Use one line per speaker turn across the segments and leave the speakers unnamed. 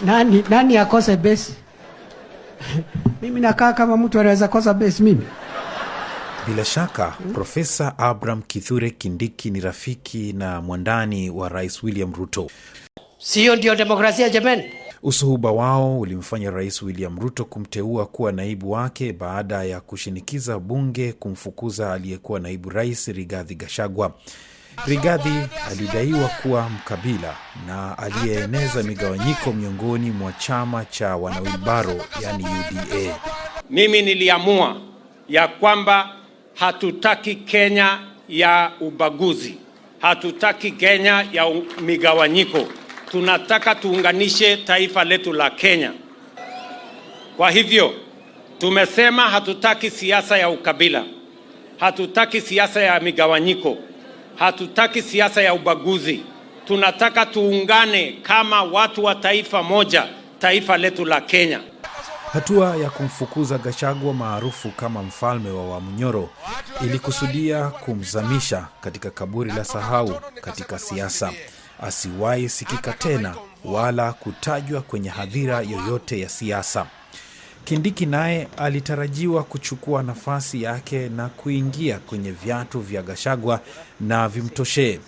Nani, nani akose besi? Mimi nakaa kama mtu anaweza kosa besi mimi?
Bila shaka hmm. Profesa Abraham Kithure Kindiki ni rafiki na mwandani wa Rais William Ruto.
Siyo ndio demokrasia jamani?
Usuhuba wao ulimfanya Rais William Ruto kumteua kuwa naibu wake baada ya kushinikiza bunge kumfukuza aliyekuwa naibu rais Rigathi Gachagua. Rigadhi alidaiwa kuwa mkabila na aliyeeneza migawanyiko miongoni mwa chama cha wanawibaro yani UDA.
Mimi niliamua ya kwamba hatutaki Kenya ya ubaguzi, hatutaki Kenya ya migawanyiko, tunataka tuunganishe taifa letu la Kenya. Kwa hivyo tumesema hatutaki siasa ya ukabila, hatutaki siasa ya migawanyiko. Hatutaki siasa ya ubaguzi, tunataka tuungane kama watu wa taifa moja, taifa letu la Kenya.
Hatua ya kumfukuza Gachagua maarufu kama mfalme wa Wamnyoro ilikusudia kumzamisha katika kaburi la sahau katika siasa, asiwahi sikika tena wala kutajwa kwenye hadhira yoyote ya siasa. Kindiki naye alitarajiwa kuchukua nafasi yake na kuingia kwenye viatu vya gashagwa na vimtoshee.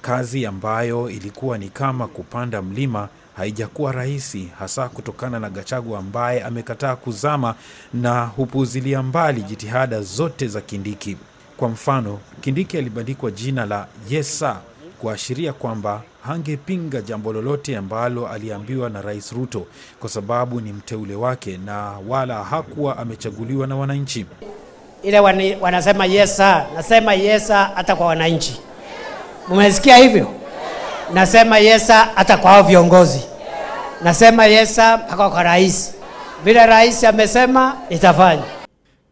Kazi ambayo ilikuwa ni kama kupanda mlima haijakuwa rahisi, hasa kutokana na Gachagua ambaye amekataa kuzama na hupuuzilia mbali jitihada zote za Kindiki. Kwa mfano, Kindiki alibandikwa jina la Yesa kuashiria kwamba hangepinga jambo lolote ambalo aliambiwa na Rais Ruto kwa sababu ni mteule wake na wala hakuwa amechaguliwa na wananchi.
Ile wanasema yesa, nasema yesa hata kwa wananchi. mmesikia hivyo? Nasema yesa hata kwa viongozi. Nasema yesa mpaka kwa rais. Vile rais amesema nitafanya.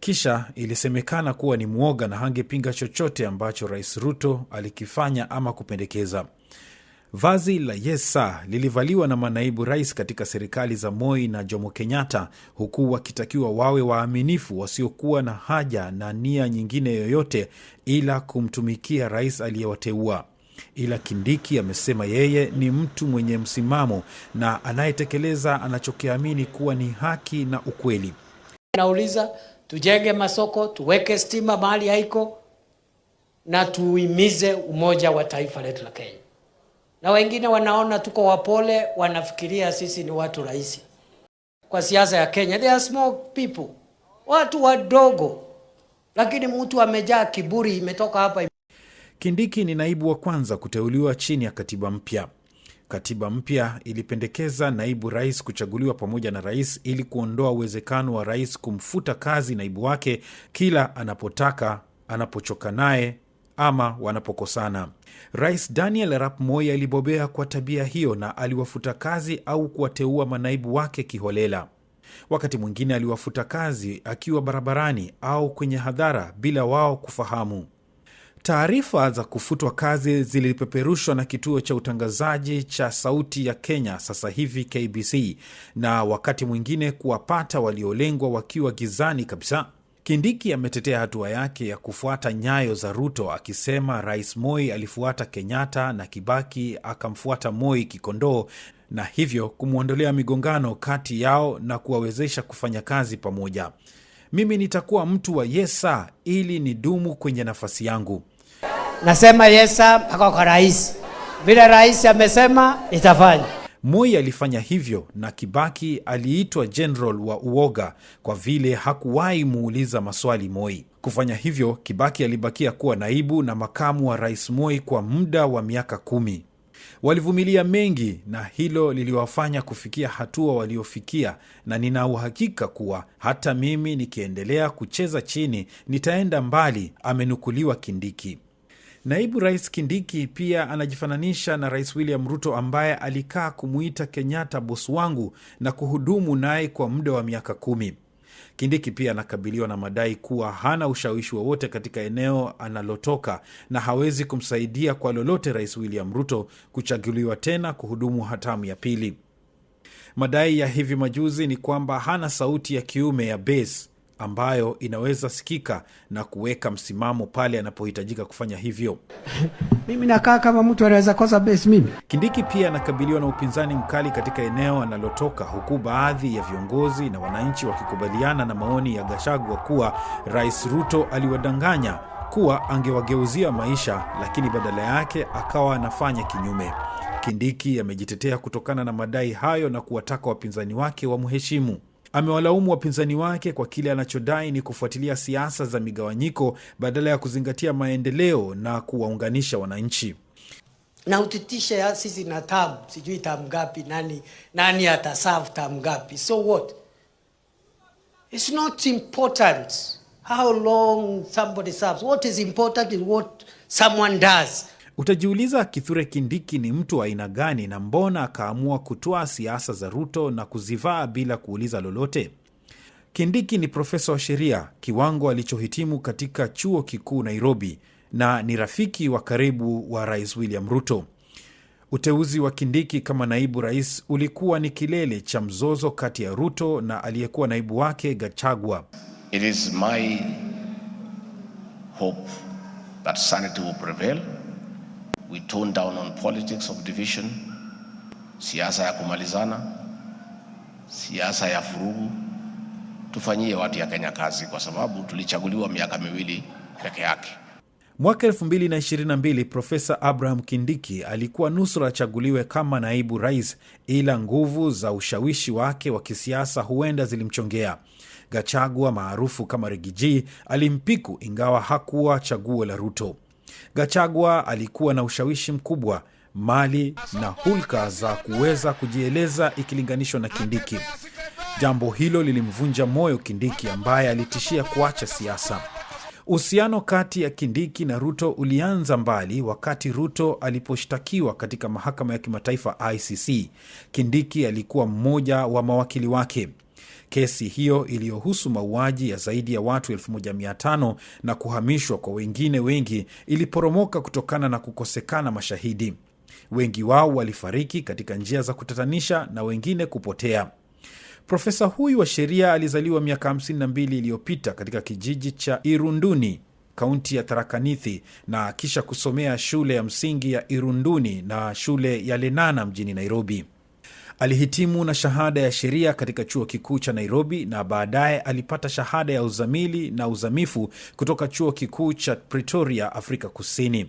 Kisha ilisemekana kuwa ni mwoga na hangepinga chochote ambacho Rais Ruto alikifanya ama kupendekeza. Vazi la Yesa lilivaliwa na manaibu rais katika serikali za Moi na Jomo Kenyatta, huku wakitakiwa wawe waaminifu wasiokuwa na haja na nia nyingine yoyote ila kumtumikia rais aliyewateua. Ila Kindiki amesema yeye ni mtu mwenye msimamo na anayetekeleza anachokiamini kuwa ni haki na ukweli.
Nauliza, tujenge masoko, tuweke stima mahali haiko, na tuimize umoja wa taifa letu la Kenya na wengine wanaona tuko wapole, wanafikiria sisi ni watu rahisi kwa siasa ya Kenya. They are small people, watu wadogo, lakini mtu amejaa kiburi, imetoka hapa.
Kindiki ni naibu wa kwanza kuteuliwa chini ya katiba mpya. Katiba mpya ilipendekeza naibu rais kuchaguliwa pamoja na rais ili kuondoa uwezekano wa rais kumfuta kazi naibu wake kila anapotaka, anapochoka naye ama wanapokosana. Rais Daniel Arap Moi alibobea kwa tabia hiyo na aliwafuta kazi au kuwateua manaibu wake kiholela. Wakati mwingine aliwafuta kazi akiwa barabarani au kwenye hadhara bila wao kufahamu. Taarifa za kufutwa kazi zilipeperushwa na kituo cha utangazaji cha Sauti ya Kenya, sasa hivi KBC, na wakati mwingine kuwapata waliolengwa wakiwa gizani kabisa. Kindiki ametetea hatua yake ya kufuata nyayo za Ruto akisema Rais Moi alifuata Kenyatta na Kibaki akamfuata Moi kikondoo na hivyo kumwondolea migongano kati yao na kuwawezesha kufanya kazi pamoja. Mimi nitakuwa mtu wa yesa ili nidumu kwenye nafasi yangu.
Nasema yesa mpaka kwa rais, vile rais amesema itafanya
Moi alifanya hivyo na Kibaki aliitwa general wa uoga kwa vile hakuwahi muuliza maswali Moi. Kufanya hivyo, Kibaki alibakia kuwa naibu na makamu wa rais Moi kwa muda wa miaka kumi. Walivumilia mengi na hilo liliwafanya kufikia hatua waliofikia, na nina uhakika kuwa hata mimi nikiendelea kucheza chini nitaenda mbali, amenukuliwa Kindiki. Naibu Rais Kindiki pia anajifananisha na Rais William Ruto ambaye alikaa kumuita Kenyatta bosi wangu na kuhudumu naye kwa muda wa miaka kumi. Kindiki pia anakabiliwa na madai kuwa hana ushawishi wowote katika eneo analotoka na hawezi kumsaidia kwa lolote Rais William Ruto kuchaguliwa tena kuhudumu hatamu ya pili. Madai ya hivi majuzi ni kwamba hana sauti ya kiume ya base ambayo inaweza sikika na kuweka msimamo pale anapohitajika kufanya hivyo.
Mimi nakaa kama mtu anaweza kosa base mimi.
Kindiki pia anakabiliwa na upinzani mkali katika eneo analotoka, huku baadhi ya viongozi na wananchi wakikubaliana na maoni ya gashagwa kuwa Rais Ruto aliwadanganya kuwa angewageuzia maisha, lakini badala yake akawa anafanya kinyume. Kindiki amejitetea kutokana na madai hayo na kuwataka wapinzani wake wamheshimu. Amewalaumu wapinzani wake kwa kile anachodai ni kufuatilia siasa za migawanyiko badala ya kuzingatia maendeleo na kuwaunganisha wananchi.
Na utitishe sisi na tam sijui tam ngapi, nani nani atasavu tam ngapi? So what it's not important how long somebody serves. What is important is what someone does.
Utajiuliza, Kithure Kindiki ni mtu wa aina gani na mbona akaamua kutoa siasa za Ruto na kuzivaa bila kuuliza lolote? Kindiki ni profesa wa sheria, kiwango alichohitimu katika chuo kikuu Nairobi, na ni rafiki wa karibu wa Rais William Ruto. Uteuzi wa Kindiki kama naibu rais ulikuwa ni kilele cha mzozo kati ya Ruto na aliyekuwa naibu wake Gachagua.
It is my hope that sanity will prevail we tone down on politics of division, siasa ya kumalizana, siasa ya furugu. Tufanyie watu ya Kenya kazi, kwa sababu tulichaguliwa miaka miwili peke yake.
Mwaka 2022 Profesa Abraham Kindiki alikuwa nusura achaguliwe kama naibu rais, ila nguvu za ushawishi wake wa kisiasa huenda zilimchongea. Gachagua maarufu kama Rigiji alimpiku, ingawa hakuwa chaguo la Ruto. Gachagua alikuwa na ushawishi mkubwa, mali na hulka za kuweza kujieleza ikilinganishwa na Kindiki. Jambo hilo lilimvunja moyo Kindiki ambaye alitishia kuacha siasa. Uhusiano kati ya Kindiki na Ruto ulianza mbali wakati Ruto aliposhtakiwa katika mahakama ya kimataifa ICC. Kindiki alikuwa mmoja wa mawakili wake kesi hiyo iliyohusu mauaji ya zaidi ya watu 15 na kuhamishwa kwa wengine wengi iliporomoka kutokana na kukosekana mashahidi. Wengi wao walifariki katika njia za kutatanisha na wengine kupotea. Profesa huyu wa sheria alizaliwa miaka 52 iliyopita katika kijiji cha Irunduni, kaunti ya Tharakanithi, na kisha kusomea shule ya msingi ya Irunduni na shule ya Lenana mjini Nairobi. Alihitimu na shahada ya sheria katika chuo kikuu cha Nairobi na baadaye alipata shahada ya uzamili na uzamifu kutoka chuo kikuu cha Pretoria, Afrika Kusini.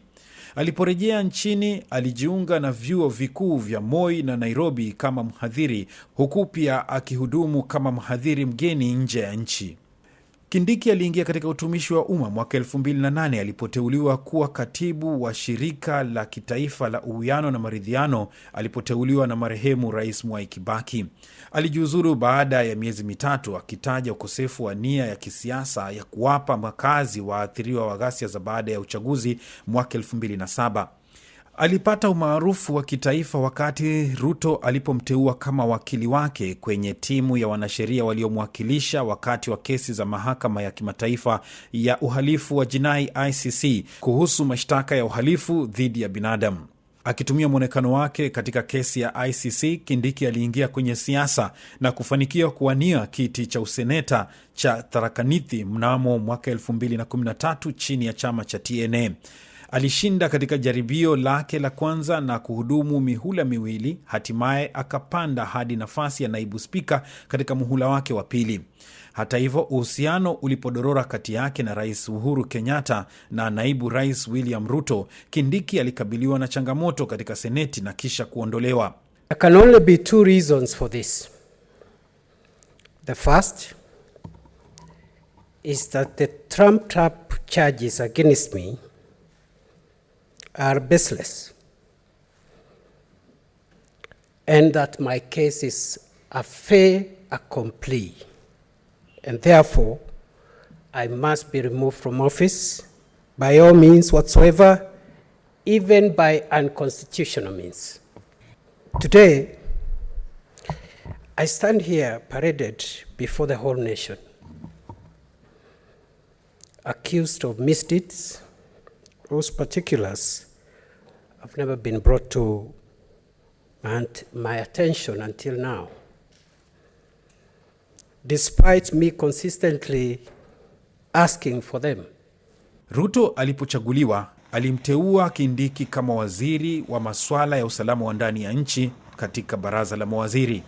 Aliporejea nchini alijiunga na vyuo vikuu vya Moi na Nairobi kama mhadhiri, huku pia akihudumu kama mhadhiri mgeni nje ya nchi. Kindiki aliingia katika utumishi wa umma mwaka 2008 alipoteuliwa kuwa katibu wa shirika la kitaifa la uwiano na maridhiano alipoteuliwa na marehemu Rais Mwai Kibaki. Alijiuzuru baada ya miezi mitatu, akitaja ukosefu wa nia ya kisiasa ya kuwapa makazi waathiriwa wa ghasia za baada ya uchaguzi mwaka 2007. Alipata umaarufu wa kitaifa wakati Ruto alipomteua kama wakili wake kwenye timu ya wanasheria waliomwakilisha wakati wa kesi za mahakama ya kimataifa ya uhalifu wa jinai ICC kuhusu mashtaka ya uhalifu dhidi ya binadamu. Akitumia mwonekano wake katika kesi ya ICC, Kindiki aliingia kwenye siasa na kufanikiwa kuwania kiti cha useneta cha Tharakanithi mnamo mwaka 2013 chini ya chama cha TNA. Alishinda katika jaribio lake la kwanza na kuhudumu mihula miwili, hatimaye akapanda hadi nafasi ya naibu spika katika muhula wake wa pili. Hata hivyo, uhusiano ulipodorora kati yake na Rais Uhuru Kenyatta na naibu rais William Ruto, Kindiki alikabiliwa na changamoto katika Seneti na kisha kuondolewa.
There can only be two reasons for this. The first is that the trumped up charges against me are baseless and that my case is a fait accompli and therefore I must be removed from office by all means whatsoever, even by unconstitutional means. Today, I stand here paraded before the whole nation, accused of misdeeds, those particulars have never been brought to my attention until now. Despite me consistently asking for them.
Ruto alipochaguliwa alimteua Kindiki kama waziri wa masuala ya usalama wa ndani ya nchi katika baraza la mawaziri.